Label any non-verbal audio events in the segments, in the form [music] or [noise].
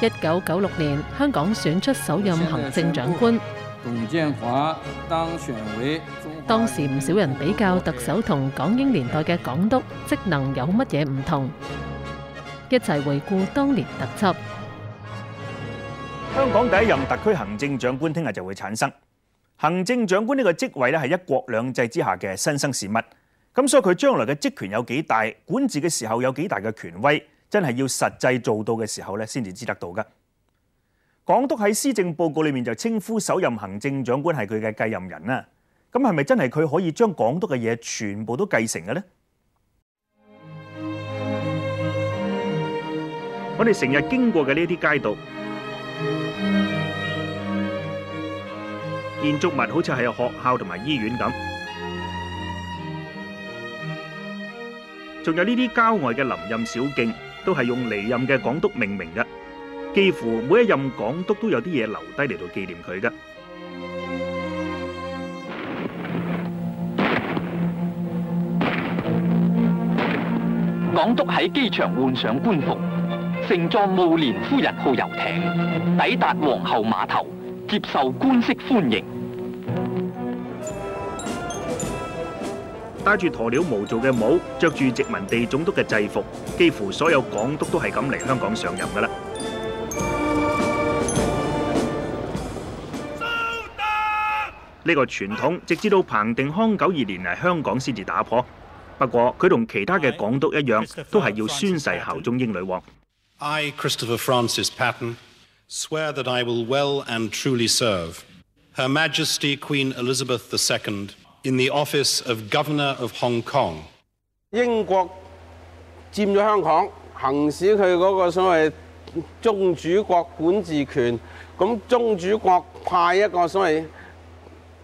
一九九六年，香港選出首任行政長官。董建華當選為……當時唔少人比較特首同港英年代嘅港督職能有乜嘢唔同？一齊回顧當年特輯。香港第一任特區行政長官聽日就會產生。行政長官呢個職位呢係一國兩制之下嘅新生事物，咁所以佢將來嘅職權有幾大，管治嘅時候有幾大嘅權威。真係要實際做到嘅時候呢，先至知得到噶。港督喺施政報告裏面就稱呼首任行政長官係佢嘅繼任人啊。咁係咪真係佢可以將港督嘅嘢全部都繼承嘅呢？我哋成日經過嘅呢啲街道、建築物，好似係有學校同埋醫院咁，仲有呢啲郊外嘅林蔭小徑，都係用離任嘅港督命名嘅，幾乎每一任港督都有啲嘢留低嚟到紀念佢嘅。港督喺機場換上官服，乘坐慕蓮夫人號遊艇，抵達皇后碼頭，接受官式歡迎。戴住鴕鳥毛做嘅帽，着住殖民地總督嘅制服，幾乎所有港督都係咁嚟香港上任噶啦。呢個傳統直至到彭定康九二年嚟香港先至打破。不過佢同其他嘅港督一樣，都係要宣誓效忠英女王。In the office of Governor of Hong Kong，英國佔咗香港，行使佢嗰個所謂宗主國管治權。咁宗主國派一個所謂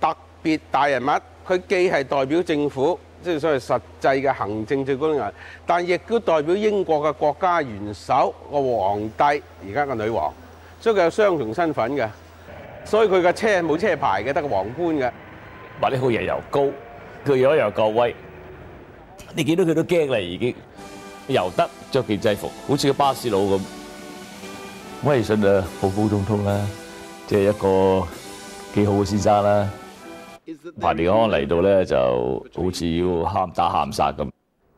特別大人物，佢既係代表政府，即係所謂實際嘅行政最高人，但亦都代表英國嘅國家元首個皇帝，而家個女王，所以佢有雙重身份嘅。所以佢嘅車冇車牌嘅，得個皇冠嘅。白利康人又高，佢樣又夠威，你見到佢都驚啦！已經又得着件制服，好似個巴士佬咁，威信啊，普普通通啦，即係一個幾好嘅先生啦。白利康嚟到咧，就好似要喊打喊殺咁。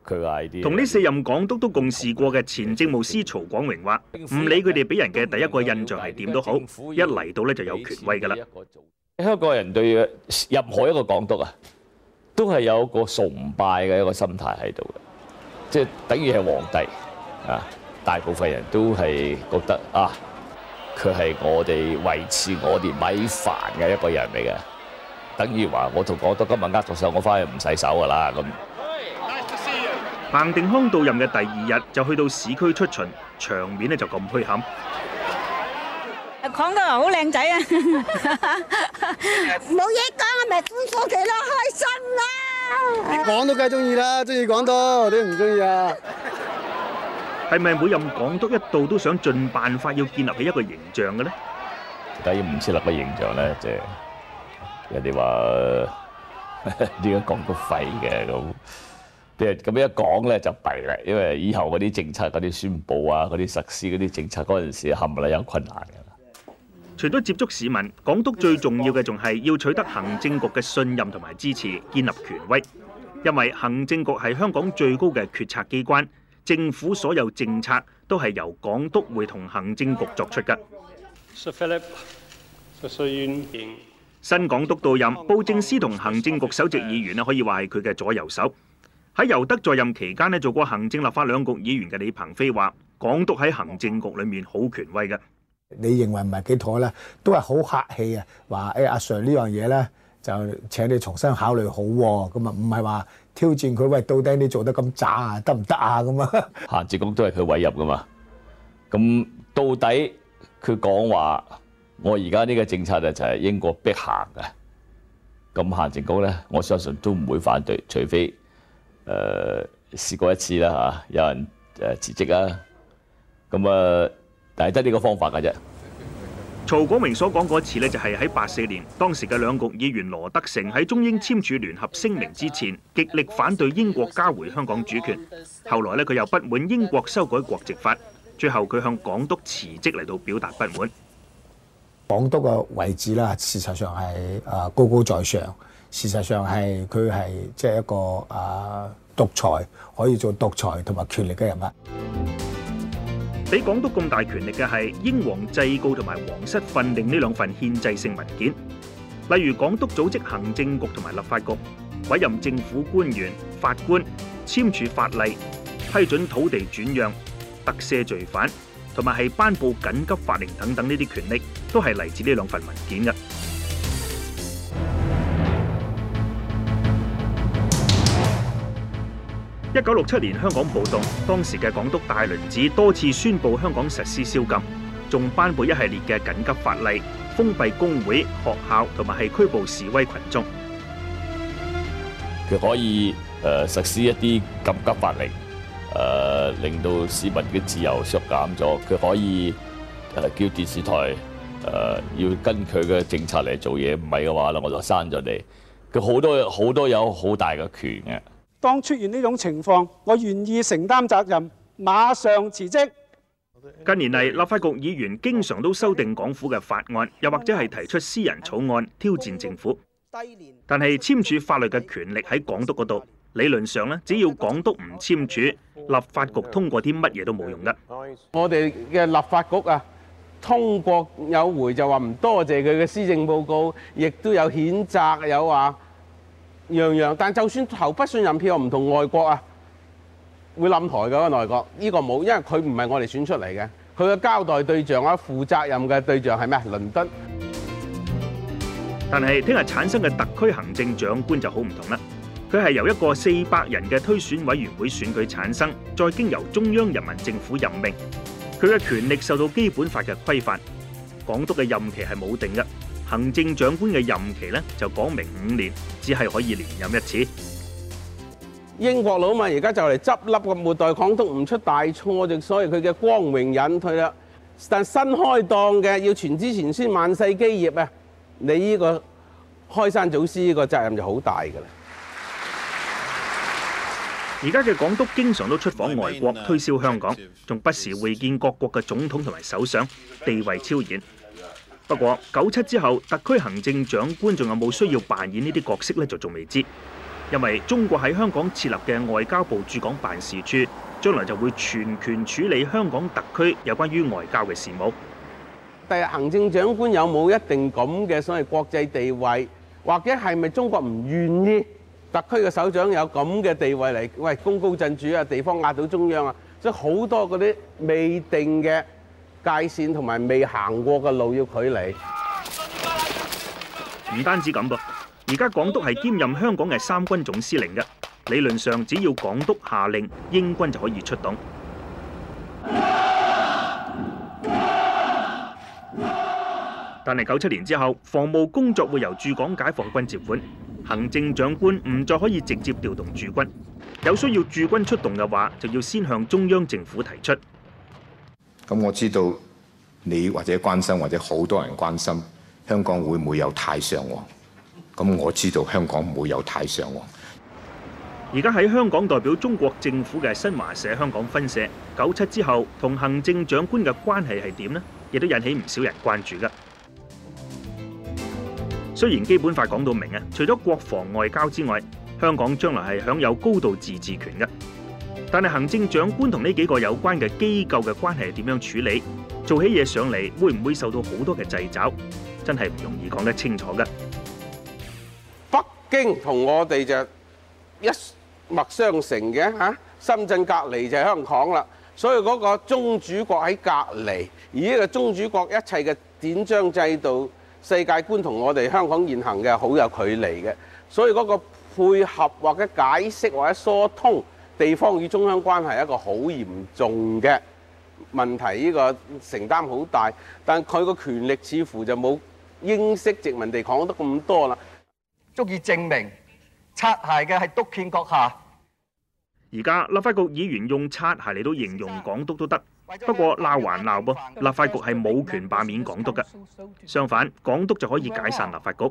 佢嗌啲同呢四任港督都共事過嘅前政務司曹廣榮話：唔理佢哋俾人嘅第一個印象係點都好，一嚟到咧就有權威噶啦。香港人對任何一個港督啊，都係有一個崇拜嘅一個心態喺度嘅，即係等於係皇帝啊！大部分人都係覺得啊，佢係我哋維持我哋米飯嘅一個人嚟嘅，等於話我同港督今日握咗手，我翻去唔洗手噶啦咁。Hey, nice，彭定康到任嘅第二日就去到市區出巡，場面咧就咁虛冚。講得好靚仔啊！冇嘢講，咪歡呼佢咯，開心啦！講都梗係中意啦，中意講多，你唔中意啊？係咪每任港督一到都想盡辦法要建立起一個形象嘅咧？梗要建設落個形象啦，即係人哋話點解講到廢嘅咁？即係咁樣一講咧就弊啦，因為以後嗰啲政策嗰啲宣佈啊、嗰啲實施嗰啲政策嗰陣時，冚 𠰤 有困難嘅。除咗接觸市民，港督最重要嘅仲係要取得行政局嘅信任同埋支持，建立權威。因為行政局係香港最高嘅決策機關，政府所有政策都係由港督會同行政局作出嘅。新港督到任，布政司同行政局首席議員咧，可以話係佢嘅左右手。喺尤德在任期間咧，做過行政立法兩局議員嘅李鵬飛話：港督喺行政局裡面好權威嘅。你認為唔係幾妥咧，都係好客氣、欸、啊！話誒，阿 Sir 呢樣嘢咧，就請你重新考慮好。咁啊，唔係話挑戰佢喂，到底你做得咁渣啊，得唔得啊？咁啊，行政局都係佢委任噶嘛。咁到底佢講話，我而家呢個政策就係英國逼行㗎。咁行政局咧，我相信都唔會反對，除非誒試、呃、過一次啦、啊、吓，有人誒辭職啊。咁啊。就係得呢個方法嘅啫。曹廣明所講嗰次呢，就係喺八四年，當時嘅兩局議員羅德丞喺中英簽署聯合聲明之前，極力反對英國加回香港主權。後來呢，佢又不滿英國修改國籍法，最後佢向港督辭職嚟到表達不滿。港督嘅位置啦，事實上係啊高高在上，事實上係佢係即係一個啊獨裁，可以做獨裁同埋權力嘅人物。俾港督咁大權力嘅係《英皇制誥》同埋《皇室訓令》呢兩份憲制性文件，例如港督組織行政局同埋立法局委任政府官員、法官簽署法例、批准土地轉讓、特赦罪犯同埋係頒布緊急法令等等呢啲權力，都係嚟自呢兩份文件嘅。一九六七年香港暴動，當時嘅港督戴麟趾多次宣佈香港實施宵禁，仲頒布一系列嘅緊急法例，封閉工會、學校同埋係拘捕示威群眾。佢可以誒、呃、實施一啲緊急法令，誒、呃、令到市民嘅自由削減咗。佢可以誒叫電視台誒、呃、要跟佢嘅政策嚟做嘢，唔係嘅話啦，我就刪咗你。佢好多好多有好大嘅權嘅。當出現呢種情況，我願意承擔責任，馬上辭職。近年嚟，立法局議員經常都修訂港府嘅法案，又或者係提出私人草案挑戰政府。但係簽署法律嘅權力喺港督嗰度，理論上呢，只要港督唔簽署，立法局通過啲乜嘢都冇用㗎。我哋嘅立法局啊，通過有回就話唔多謝佢嘅施政報告，亦都有譴責，有話。樣樣，但就算投不信任票，唔同外國啊，會冧台嗰個內閣，呢個冇，因為佢唔係我哋選出嚟嘅，佢嘅交代對象啊，負責任嘅對象係咩？倫敦。但係聽日產生嘅特區行政長官就好唔同啦，佢係由一個四百人嘅推選委員會選舉產生，再經由中央人民政府任命，佢嘅權力受到基本法嘅規範，港督嘅任期係冇定嘅。行政長官嘅任期呢，就講明五年，只係可以連任一次。英國佬嘛，而家就嚟執笠嘅末代港督，唔出大錯就所以佢嘅光榮隱退啦。但新開檔嘅要傳子傳孫萬世基業啊，你呢個開山祖師個責任就好大㗎啦。而家嘅港督經常都出訪外國推銷香港，仲不時會見各國嘅總統同埋首相，地位超然。不過九七之後，特區行政長官仲有冇需要扮演呢啲角色咧？就仲未知，因為中國喺香港設立嘅外交部駐港辦事處，將來就會全權處理香港特區有關於外交嘅事務。第日行政長官有冇一定咁嘅所謂國際地位，或者係咪中國唔願意特區嘅首長有咁嘅地位嚟？喂，功高震主啊，地方壓到中央啊，所以好多嗰啲未定嘅。界線同埋未行過嘅路要距離，唔單止咁噃。而家港督係兼任香港嘅三軍總司令嘅，理論上只要港督下令，英軍就可以出動。但係九七年之後，防務工作會由駐港解放軍接管，行政長官唔再可以直接調動駐軍。有需要駐軍出動嘅話，就要先向中央政府提出。咁我知道你或者關心或者好多人關心香港會唔會有太上皇？咁我知道香港唔會有太上皇。而家喺香港代表中國政府嘅新華社香港分社，九七之後同行政長官嘅關係係點呢？亦都引起唔少人關注㗎。雖然基本法講到明啊，除咗國防外交之外，香港將來係享有高度自治權嘅。但係行政長官同呢幾個有關嘅機構嘅關係係點樣處理？做起嘢上嚟會唔會受到好多嘅掣肘？真係唔容易講得清楚嘅。北京同我哋就一脈相承嘅嚇，深圳隔離就係香港啦，所以嗰個宗主國喺隔離，而呢個宗主國一切嘅典章制度、世界觀同我哋香港現行嘅好有距離嘅，所以嗰個配合或者解釋或者疏通。地方與中央關係係一個好嚴重嘅問題，呢個承擔好大，但佢個權力似乎就冇英式殖民地講得咁多啦，足以證明擦鞋嘅係督憲閣下。而家立法局議員用擦鞋嚟到形容港督都得。不過鬧還鬧噃，立法局係冇權罷免港督㗎，相反，港督就可以解散立法局。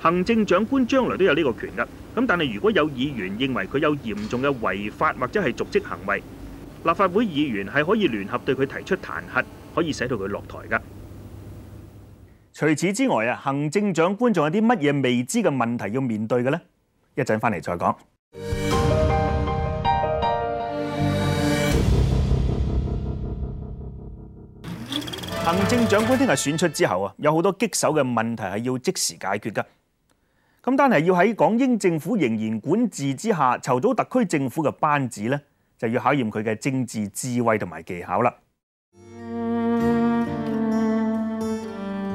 行政長官將來都有呢個權㗎，咁但係如果有議員認為佢有嚴重嘅違法或者係瀆職行為，立法會議員係可以聯合對佢提出彈劾，可以使到佢落台㗎。除此之外啊，行政長官仲有啲乜嘢未知嘅問題要面對嘅呢？一陣翻嚟再講。行政長官聽日選出之後啊，有好多棘手嘅問題係要即時解決噶。咁單係要喺港英政府仍然管治之下，籌組特區政府嘅班子呢，就要考驗佢嘅政治智慧同埋技巧啦。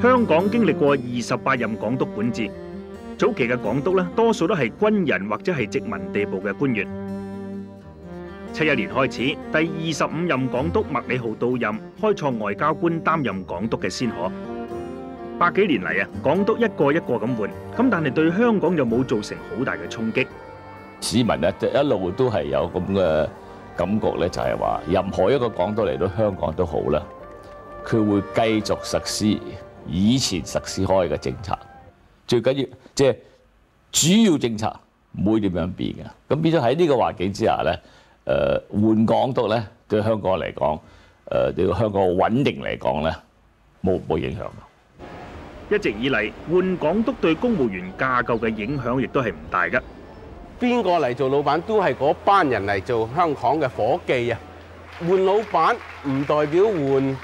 香港經歷過二十八任港督管治，早期嘅港督呢，多數都係軍人或者係殖民地部嘅官員。七一年開始，第二十五任港督麥理浩到任，開創外交官擔任港督嘅先河。百幾年嚟啊，港督一個一個咁換，咁但係對香港又冇造成好大嘅衝擊。市民呢，一路都係有咁嘅感覺咧，就係話，任何一個港督嚟到香港都好啦，佢會繼續實施以前實施開嘅政策，最緊要即係主要政策唔會點樣變嘅。咁變咗喺呢個環境之下咧。誒換港督咧，對香港嚟講，誒對香港穩定嚟講咧，冇冇影響。一直以嚟換港督對公務員架構嘅影響亦都係唔大嘅。邊個嚟做老闆都係嗰班人嚟做香港嘅夥計啊！換老闆唔代表換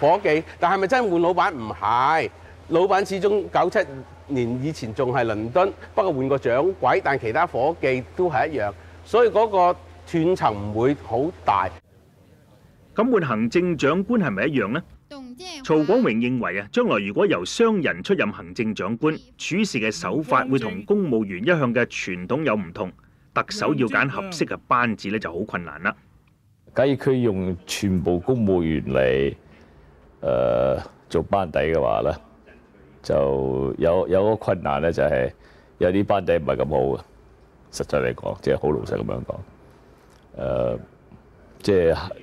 夥計，但係咪真係換老闆？唔係。老闆始終九七年以前仲係倫敦，不過換個掌櫃，但其他夥計都係一樣，所以嗰個。斷層唔會好大，咁換行政長官係咪一樣咧？曹廣榮認為啊，將來如果由商人出任行政長官，處事嘅手法會同公務員一向嘅傳統有唔同，特首要揀合適嘅班子咧就好困難啦。假如佢用全部公務員嚟誒做班底嘅話咧，就有有個困難咧，就係有啲班底唔係咁好嘅。實際嚟講，即係好老實咁樣講。誒、呃，即、就、係、是、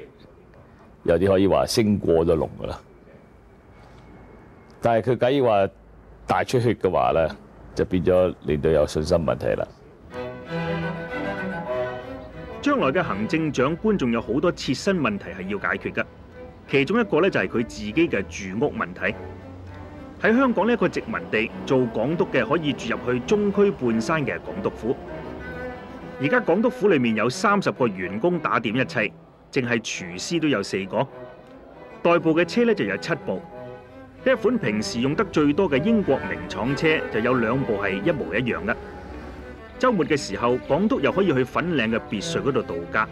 有啲可以話升過咗龍噶啦，但係佢假如話大出血嘅話咧，就變咗你都有信心問題啦。將來嘅行政長官仲有好多切身問題係要解決噶，其中一個咧就係佢自己嘅住屋問題。喺香港呢一個殖民地做港督嘅可以住入去中區半山嘅港督府。而家港督府裏面有三十個員工打點一切，淨係廚師都有四個，代步嘅車咧就有七部。一款平時用得最多嘅英國名廠車就有兩部係一模一樣噶。週末嘅時候，港督又可以去粉嶺嘅別墅嗰度度假，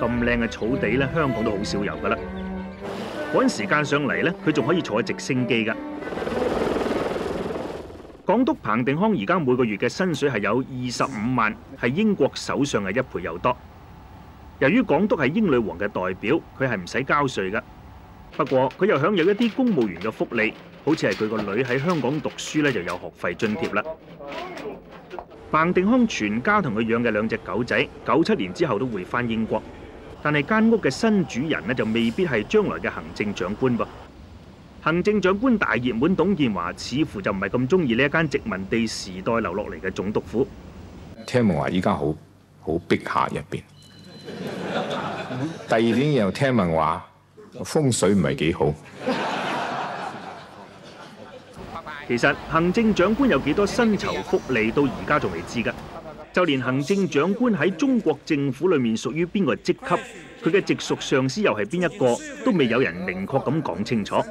咁靚嘅草地咧，香港都好少有噶啦。趕、那個、時間上嚟咧，佢仲可以坐直升機噶。港督彭定康而家每個月嘅薪水係有二十五萬，係英國首相嘅一倍又多。由於港督係英女王嘅代表，佢係唔使交稅噶。不過佢又享有一啲公務員嘅福利，好似係佢個女喺香港讀書咧就有學費津貼啦。彭定康全家同佢養嘅兩隻狗仔，九七年之後都會返英國，但係間屋嘅新主人咧就未必係將來嘅行政長官噃。行政長官大熱門董建華似乎就唔係咁中意呢一間殖民地時代留落嚟嘅總督府。聽聞話依家好好逼下入邊，第二點又聽聞話風水唔係幾好。其實行政長官有幾多薪酬福利到而家仲未知㗎，就連行政長官喺中國政府裡面屬於邊個職級，佢嘅直屬上司又係邊一個，都未有人明確咁講清楚。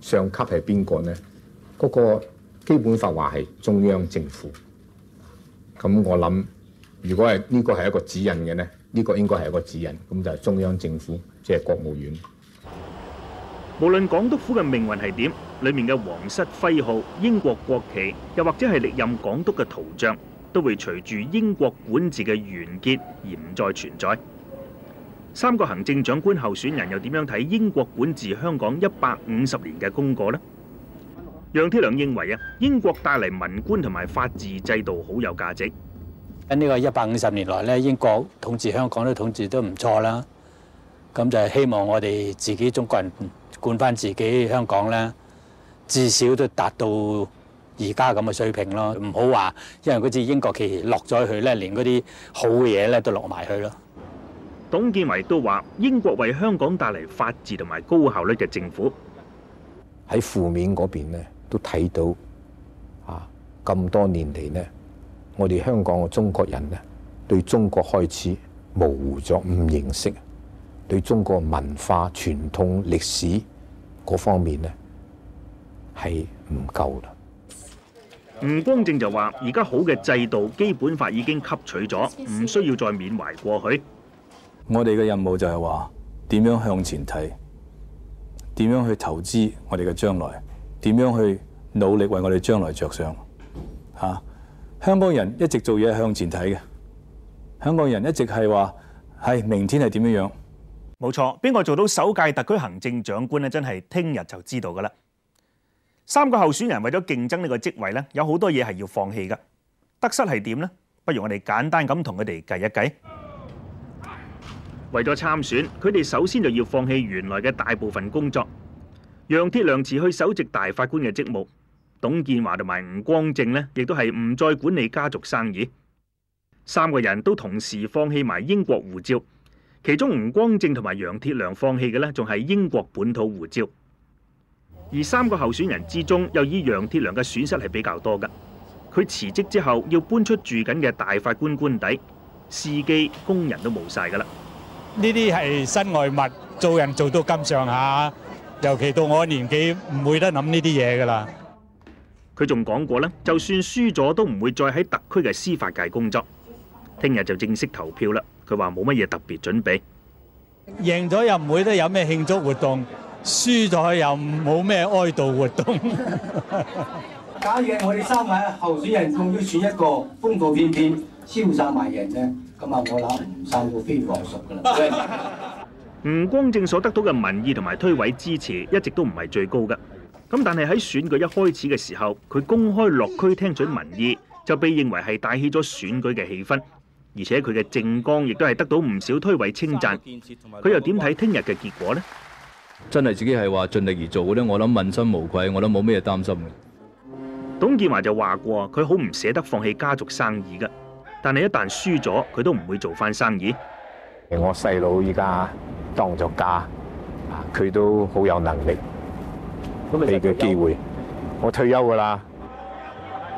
上級係邊個呢？嗰個基本法話係中央政府。咁我諗，如果係呢個係一個指引嘅呢，呢個應該係一個指引，咁就係中央政府，即係國務院。無論港督府嘅命運係點，裏面嘅皇室徽號、英國國旗，又或者係歷任港督嘅圖像，都會隨住英國管治嘅完結而唔再存在。三個行政長官候選人又點樣睇英國管治香港一百五十年嘅功過呢？楊鐵樑認為啊，英國帶嚟文官同埋法治制度好有價值。喺呢個一百五十年來咧，英國統治香港都統治得唔錯啦。咁就係希望我哋自己中國人管翻自己香港咧，至少都達到而家咁嘅水平咯。唔好話，因為支英國旗落咗去咧，連嗰啲好嘅嘢咧都落埋去咯。董建華都話：英國為香港帶嚟法治同埋高效率嘅政府喺負面嗰邊呢，都睇到啊。咁多年嚟呢，我哋香港嘅中國人呢，對中國開始模糊咗，唔認識，對中國文化傳統歷史嗰方面呢，係唔夠啦。吳光正就話：而家好嘅制度，《基本法》已經吸取咗，唔需要再緬懷過去。我哋嘅任務就係話點樣向前睇，點樣去投資我哋嘅將來，點樣去努力為我哋將來着想。嚇、啊，香港人一直做嘢向前睇嘅，香港人一直係話係明天係點樣樣。冇錯，邊個做到首屆特區行政長官咧？真係聽日就知道噶啦。三個候選人為咗競爭呢個職位咧，有好多嘢係要放棄嘅，得失係點呢？不如我哋簡單咁同佢哋計一計。為咗參選，佢哋首先就要放棄原來嘅大部分工作。楊鐵樑辭去首席大法官嘅職務，董建華同埋吳光正呢，亦都係唔再管理家族生意。三個人都同時放棄埋英國護照，其中吳光正同埋楊鐵樑放棄嘅呢，仲係英國本土護照。而三個候選人之中，又以楊鐵樑嘅損失係比較多噶。佢辭職之後，要搬出住緊嘅大法官官邸，司機、工人都冇晒噶啦。呢啲係身外物，做人做到咁上下，尤其到我年紀，唔會得諗呢啲嘢㗎喇。佢仲講過咧，就算輸咗都唔會再喺特區嘅司法界工作。聽日就正式投票啦。佢話冇乜嘢特別準備。贏咗又唔會得有咩慶祝活動，輸咗又冇咩哀悼活動。假如我哋三位候選人仲要選一個風度翩翩、瀟灑迷人咧？咁吳、 [laughs] 嗯、吳光正所得到嘅民意同埋推委支持一直都唔係最高嘅，咁但係喺選舉一開始嘅時候，佢公開落區聽取民意，就被認為係帶起咗選舉嘅氣氛。而且佢嘅政綱亦都係得到唔少推委稱讚。佢又點睇聽日嘅結果呢？真係自己係話盡力而做咧，我諗問心無愧，我都冇咩擔心嘅。董建華就話過，佢好唔捨得放棄家族生意噶。但係一旦輸咗，佢都唔會做返生意。我細佬依家當作家，佢都好有能力，俾佢機會。我退休㗎喇。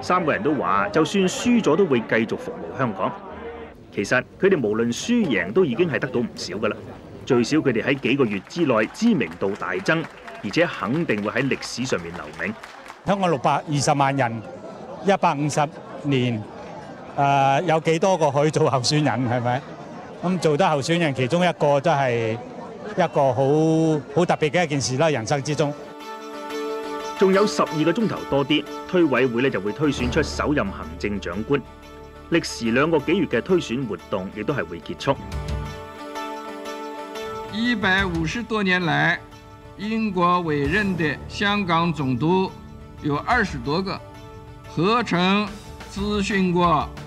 三個人都話，就算輸咗都會繼續服務香港。其實佢哋無論輸贏都已經係得到唔少㗎喇。最少佢哋喺幾個月之內知名度大增，而且肯定會喺歷史上面留名。香港六百二十萬人，一百五十年。誒、呃、有幾多個可以做候選人係咪？咁、嗯、做得候選人其中一個都係一個好好特別嘅一件事啦，人生之中。仲有十二個鐘頭多啲，推委會呢，就會推選出首任行政長官。歷時兩個幾月嘅推選活動，亦都係會結束。一百五十多年來，英國委任的香港總督有二十多個，何曾諮詢過？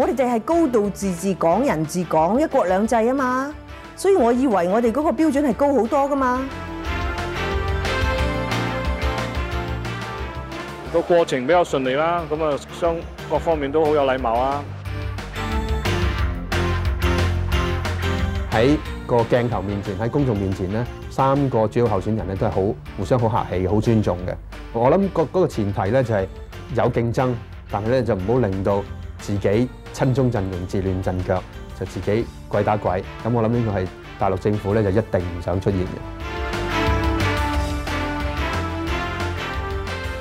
我哋就係高度自治，港人治港，一國兩制啊嘛，所以我以為我哋嗰個標準係高好多㗎嘛。個過程比較順利啦，咁啊，相各方面都好有禮貌啊。喺個鏡頭面前，喺公眾面前咧，三個主要候選人咧都係好互相好客氣，好尊重嘅。我諗嗰嗰個前提咧就係有競爭，但係咧就唔好令到自己親中陣營自亂陣腳，就自己鬼打鬼。咁我諗呢個係大陸政府咧就一定唔想出現嘅。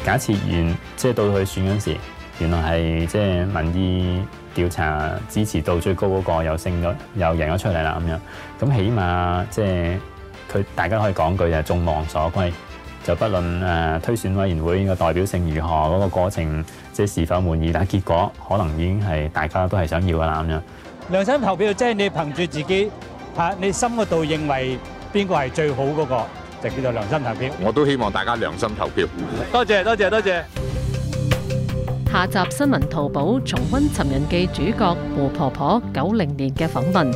假設完，即係到去選嗰時，原來係即係民意調查支持到最高嗰個又勝咗，又贏咗出嚟啦咁樣。咁起碼即係佢大家可以講句就係眾望所歸，就不論誒推選委員會個代表性如何嗰個過程。即是否滿意？但結果可能已經係大家都係想要啦咁樣。良心投票即係你憑住自己嚇，你心嗰度認為邊個係最好嗰個，就叫做良心投票。我都希望大家良心投票。多謝多謝多謝。下集新聞掏寶重溫《尋人記》主角胡婆婆九零年嘅訪問。